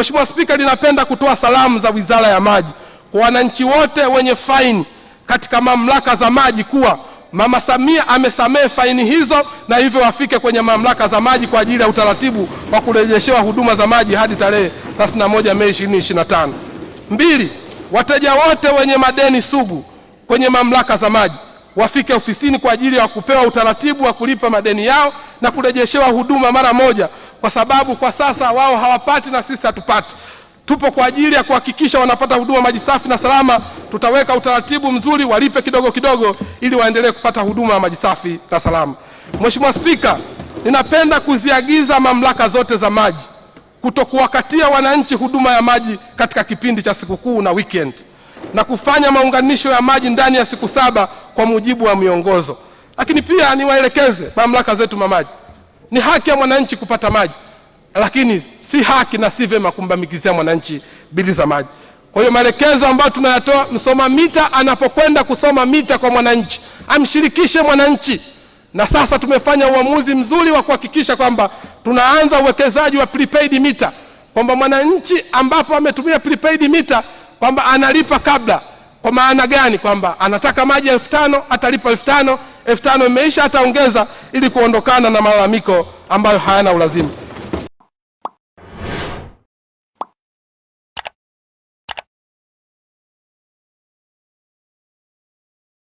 Mheshimiwa Spika, ninapenda kutoa salamu za Wizara ya Maji kwa wananchi wote wenye faini katika mamlaka za maji kuwa Mama Samia amesamehe faini hizo na hivyo wafike kwenye mamlaka za maji kwa ajili ya utaratibu wa kurejeshewa huduma za maji hadi tarehe 31 Mei 2025. Mbili, wateja wote wenye madeni sugu kwenye mamlaka za maji wafike ofisini kwa ajili ya kupewa utaratibu wa kulipa madeni yao na kurejeshewa huduma mara moja kwa sababu kwa sasa wao hawapati na sisi hatupati. Tupo kwa ajili ya kuhakikisha wanapata huduma maji safi na salama. Tutaweka utaratibu mzuri, walipe kidogo kidogo, ili waendelee kupata huduma ya maji safi na salama. Mheshimiwa Spika, ninapenda kuziagiza mamlaka zote za maji kutokuwakatia wananchi huduma ya maji katika kipindi cha sikukuu na weekend na kufanya maunganisho ya maji ndani ya siku saba kwa mujibu wa miongozo. Lakini pia niwaelekeze mamlaka zetu mamaji ni haki ya mwananchi kupata maji, lakini si haki na si vema kumbamikizia mwananchi bili za maji. Kwa hiyo maelekezo ambayo tunayatoa, msoma mita anapokwenda kusoma mita kwa mwananchi, amshirikishe mwananchi. Na sasa tumefanya uamuzi mzuri wa kuhakikisha kwamba tunaanza uwekezaji wa prepaid mita, kwamba mwananchi ambapo ametumia prepaid mita kwamba analipa kabla. Kwa maana gani? Kwamba anataka maji elfu tano atalipa elfu tano elfu tano imeisha, ataongeza ili kuondokana na malalamiko ambayo hayana ulazima.